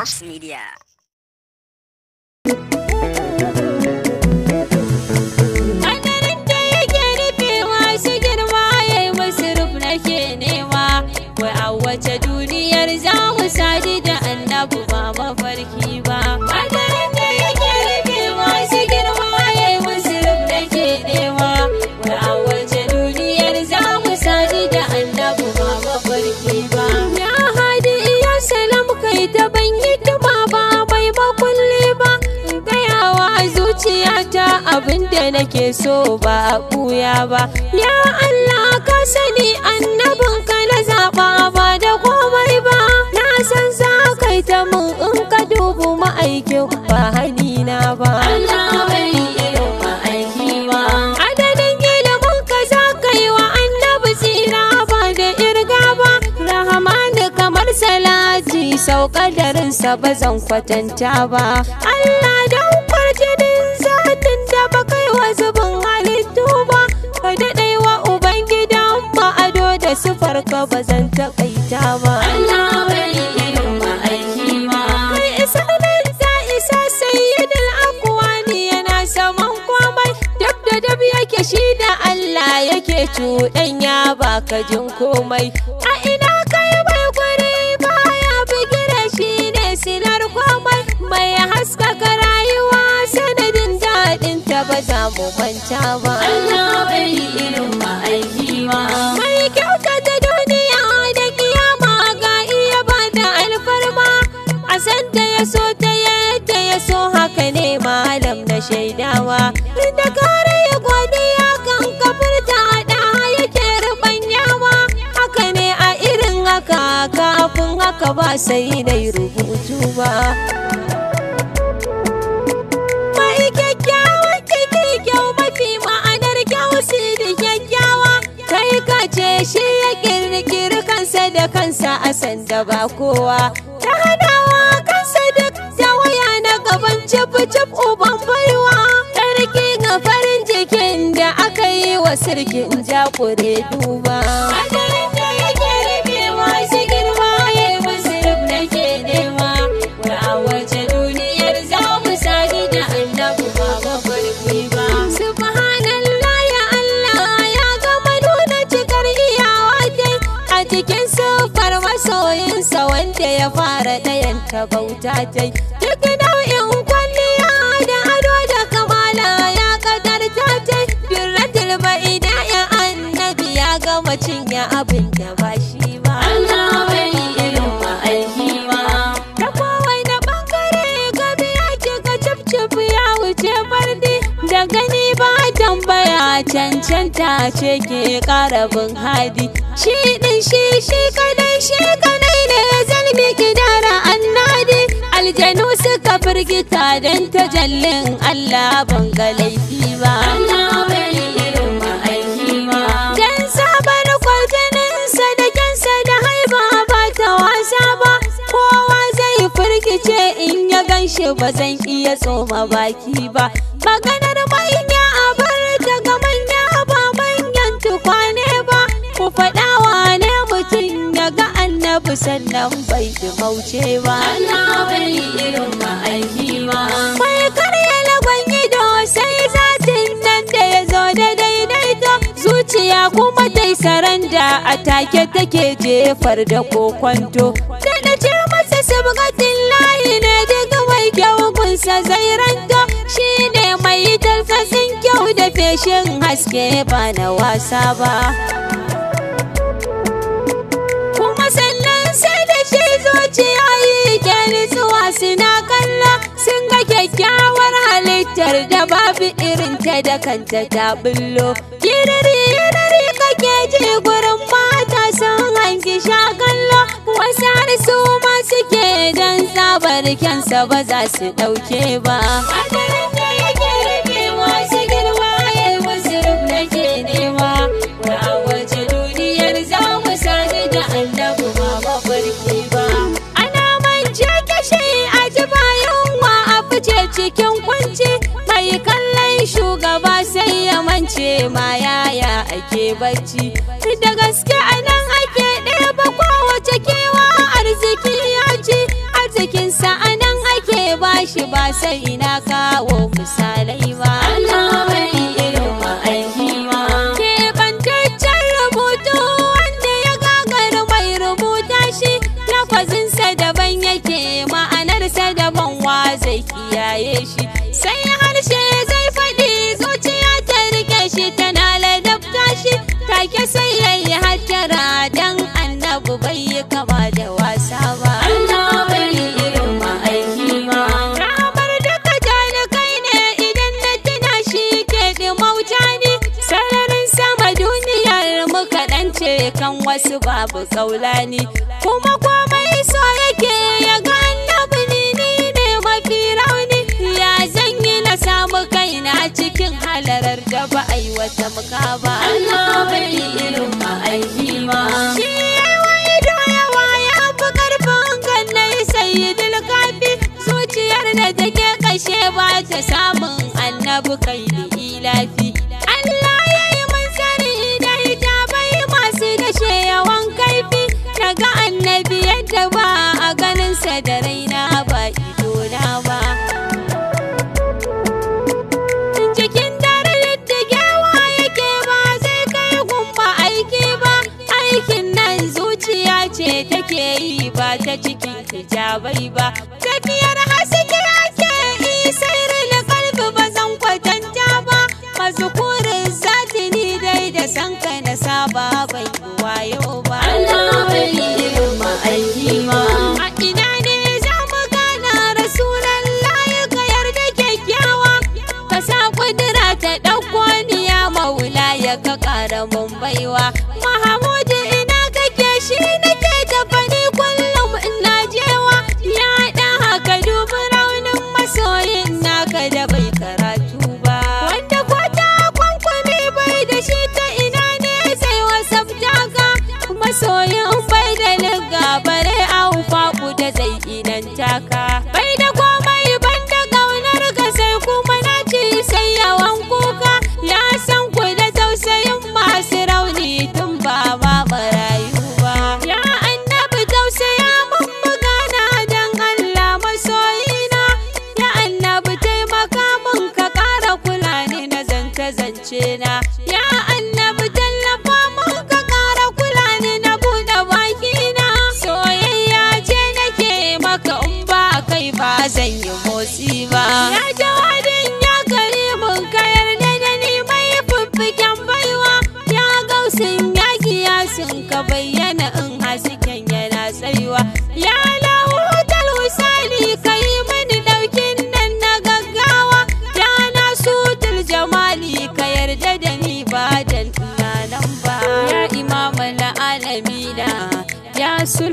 House Media. nake so ba a ɓuya ba ya Allah ka sani annabin ka na zaɓa ba da komai ba na san za kai ta mun in ka dubu ma'aikin ba hani na ba Allah bai salaci sau kadarinsa ba zan kwatanta ba. Allah farko ba zan taƙaita ba Allah bai irin ba aiki ma mai isa nan za isa sayyidul akwani yana saman komai dab da dab yake shi da Allah yake cuɗanya ba ka jin komai a ina kai bai guri baya bigira shi ne sinar komai mai haskaka rayuwa sanadin daɗin ta ba za mu kwanta ba Allah bai irin ma aiki ma ba ba sai dai rubutu ba mai kyakkyawa kike kyau mafi ma'anar kyau siri kyakkyawa kai ka ce shi ya kirkiri kansa da kansa a sanda ba kowa ta hanawa kansa duk da waya na gaban cif-cif uban baiwa tarki ga farin jikin da aka yi wa sirkin jakure duba. ya fara ɗayan ta bauta ta duk nau'in kwalliya da ado da kamala ya kadar ta ta birratul ba'ida ya annabi ya gama cinye abin da ba shi ba Allah bai irin ba aiki ba ta kowai da bangare gabi ya kika cif ya wuce fardi da gani ba ma cancanta ce ke karabin hadi shi din shi shi kadai shi kadai ne ya zalmi kidara annadi aljanu suka firgita don tajallin allah ban laifi ba dan sabar kwaljinin sadakinsa da haiba ba ta wasa ba kowa zai firgice in ya ganshi bazan zan iya tsoma baki ba maganar ku sannan bai fi mauce ba. Ana bai irin ba aiki ba. Mai karya lagon ido sai zatin nan da ya zo da daidaito zuciya kuma ta yi saranda a take take jefar da kokwanto. Daɗa ce masa sabgatin layi ne daga mai kyau kunsa zai ranto shi ne mai talfasin kyau da feshin haske ba na wasa ba. sannan sai da shi zuciya yi ke zuwa suna kalla sun ga kyakkyawar halittar da babu ta da kanta ta bullo kirari yinari kake ji gurin mata sun hangi sha kallo wasu har su ma suke don tsabar kyansa ba za su ɗauke ba ma yaya ake bacci da gaske anan ake ɗaya ba kowace kewa arziki ya ci arzikinsa anan ake bashi ba sai ina kawo misalai ba take sai yayi hajjara dan annabu bai yi kama da wasa ba Allah bai irin ma aiki ma ramar daga jani ne idan na tuna shi ke ni sararin sama duniyar mu kaɗan ce kan wasu babu kaulani kuma bara ba ai wata muka ba Allah bai irin ma aiki ma shi yawa ido yawa ya fi karfin kannai sai dilkafi zuciyar da take kashe ba ta samun annabi ne bai ba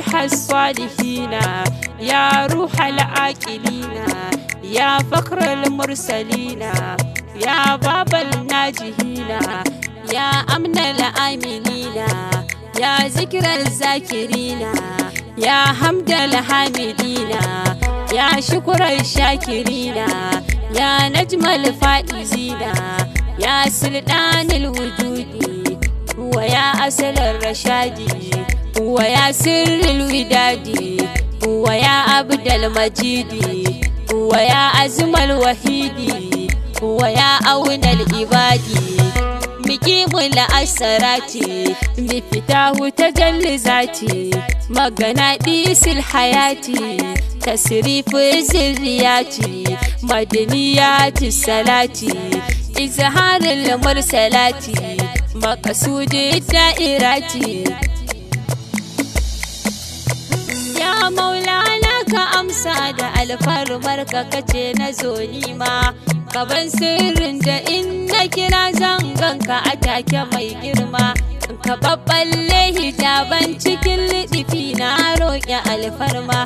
روح الصالحين يا روح العاقلين يا فخر المرسلين يا باب الناجحين يا أمن الآمنين يا ذكر الذاكرين يا حمد الحامدين يا شكر الشاكرين يا نجم الفائزين يا سلطان الوجود ويا أصل الرشاد waya sirrin widadi waya abdal majidi waya azmal wahidi waya aunal ibadi miƙimin la'asarati bifitahu tajalli zati magana ɗisil hayati tasrifin zirriyati madaniyati salati izharin mursalati makasudin da'irati maulana ka amsa da alfarmar ka kace na zo nima kaban sirrin da in na kira zangon ka a take mai girma ka babballe hijaban cikin liɗifi na roƙe alfarma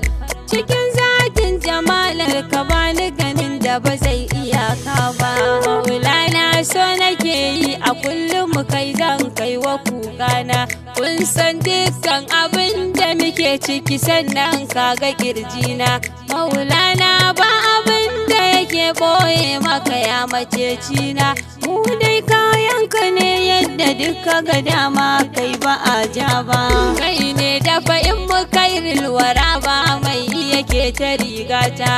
cikin zakin jamalar ka ba ni gani da ba zai iyaka ba maulana so nake yi a kullum mu kai zan kai wa kugana kun san dukkan abin da muke ciki sannan kaga kirjina maulana ba abin da yake boye maka ya na. mu dai kayanka ne yadda duka ga dama kai ba a ja ba kai ne dafa in mu kai rilwara ba mai yake ta rigata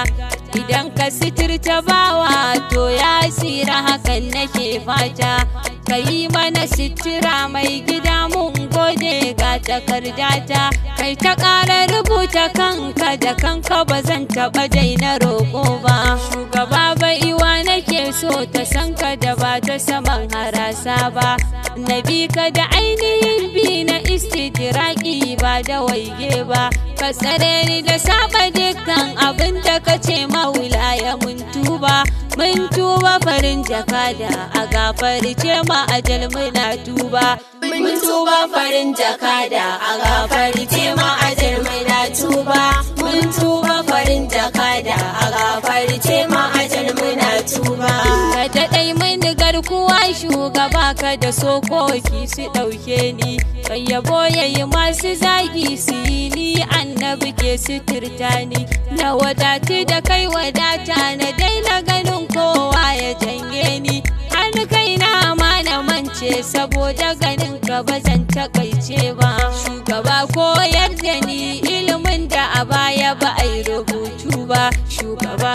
idan ka sitirta bawa to ya tsira hakan nake fata ka yi mana sitira mai gida mun gode ga takardata kai ta ƙara rubuta kanka da kanka ba zan taɓa daina roƙo ba shugaba baiwa nake so ta san ka da ba ta saman harasa ba na bi ka da ainihin bi na istidiraki ba da waige ba ka tsare ni da saba dukkan abin da ka ce maula ya mun tuba mun tuba farin jakada a gafarce ma ajal muna tuba mun tuba farin jakada a gafarce ma ajal muna tuba mun tuba farin jakada a gafarce ma ajal muna tuba ka daɗai mun garkuwa ai shugaba ka da sokoki su ɗauke ni kan yabo yayi masu zagi su yi ni annabi ke suturta ni na wadatu da kai wadata na daina ganin kowa ya janye ni an kai na ma na mance saboda ganin ka bazan zan takaice ba shugaba koyar da ni ilimin da a baya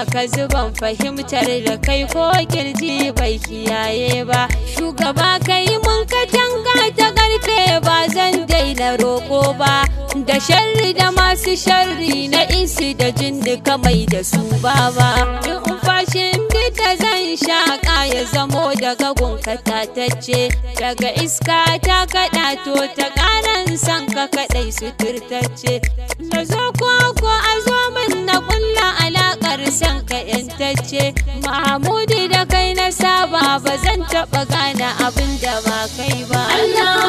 ka zuban fahimtar da kai ko kirji bai kiyaye ba shugaba kai mun ka ta karfe ba zan daina roko ba da sharri da masu sharri na isi da jin duka mai da su ba ba fashin da zan shaƙa ya zamo daga gunka tatacce daga iska ta kaɗa to ta ƙaran san ka kaɗai su ta zo ko a zo min na ƙulla san ka yantacce Mahmudu da kai na saba ba zan taɓa gane abin da ba kai ba Allah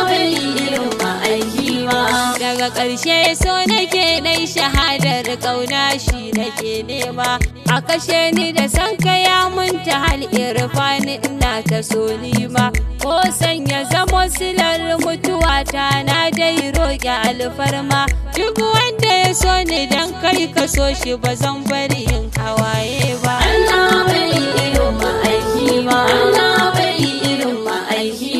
a ƙarshe so nake nai shahadar ƙauna shi nake nema a kashe ni da san kaya mun ta hal irfani ina ta so ni ma ko ya zama silar mutuwa ta na dai roƙi alfarma duk wanda ya so ni dan kai ka so shi ba zan bari in hawaye ba Allah bai irin ma'aiki ba Allah bai irin ma'aiki